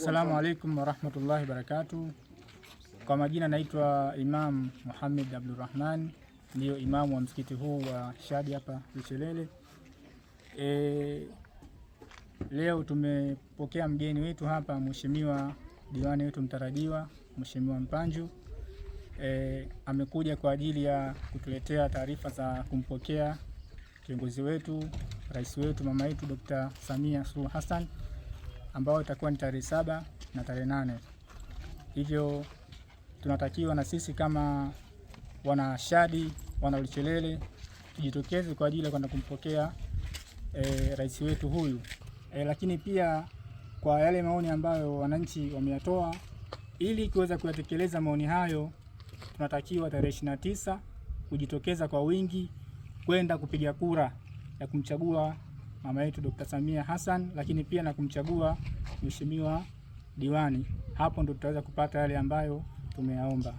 Assalamu alaikum warahmatullahi wabarakatuh. Kwa majina naitwa Imam Muhammad Abdurrahman, ndiyo imamu wa msikiti huu wa Shadi hapa Luchelele. E, leo tumepokea mgeni wetu hapa, mheshimiwa diwani wetu mtarajiwa, Mheshimiwa Mpanju. E, amekuja kwa ajili ya kutuletea taarifa za kumpokea kiongozi wetu, rais wetu, mama yetu Dr. Samia Suluhu Hassan ambao itakuwa ni tarehe saba na tarehe nane. Hivyo tunatakiwa na sisi kama wanashadi wana Ulichelele tujitokeze kwa ajili ya kwenda kumpokea e, rais wetu huyu e, lakini pia kwa yale maoni ambayo wananchi wameyatoa, ili kuweza kuyatekeleza maoni hayo, tunatakiwa tarehe ishirini na tisa kujitokeza kwa wingi kwenda kupiga kura ya kumchagua mama yetu Dr. Samia Hassan, lakini pia na kumchagua mheshimiwa diwani. Hapo ndo tutaweza kupata yale ambayo tumeyaomba.